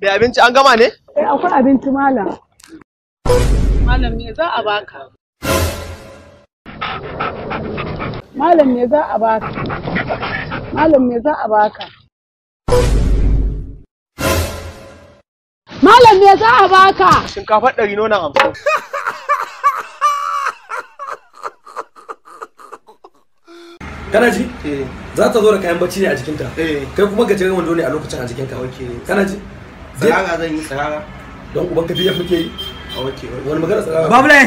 Da abinci an gama ne? Eh akwai abinci malam. Malam me za a baka? Malam me za a baka? Malam me za a baka? Malam me za a baka? Shinkafa ɗari nuna hamsin. kana ji eh. za ta zo da kayan bacci ne a jikinta eh. kai kuma gajeren wando ne a lokacin a jikinka kana ji tsirara zan yi tsirara don uban ka biya muke yi wani magana tsara bablai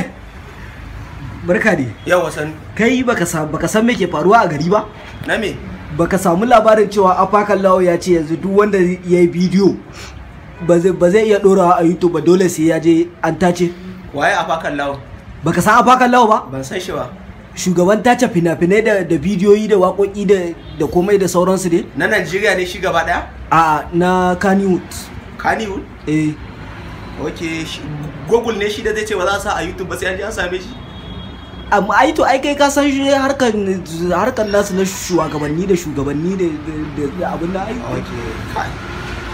barka ne yawa san kai baka san baka san me ke faruwa a gari ba na me baka samu labarin cewa afakan lawo ya ce yanzu duk wanda ya yi bidiyo ba zai iya dorawa a youtube ba dole sai ya je an tace waye afakan lawo baka san afakan lawo ba ban san shi ba shugaban tace fina-finai da da bidiyoyi da waƙoƙi da da komai da sauransu ne na Najeriya ne shi gaba daya a na Kannywood Kannywood eh ok google ne shi da zai ce ba za a sa a youtube ba sai an ji an same shi amma ai to ai kai ka san shi harkar harkar nasu na shugabanni da shugabanni da da abin da ai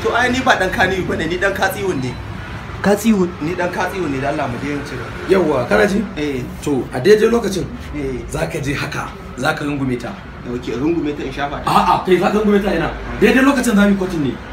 to ai ni ba dan kani ne ni dan katsiwun ne katsiwun ni dan katsiwun ne da Allah mu je yin cira kana ji eh to a daidai lokacin eh zaka je haka zaka rungume ta ok rungume ta in shafa ta a'a kai zaka rungume ta ina ah. daidai lokacin zamu kwatin ne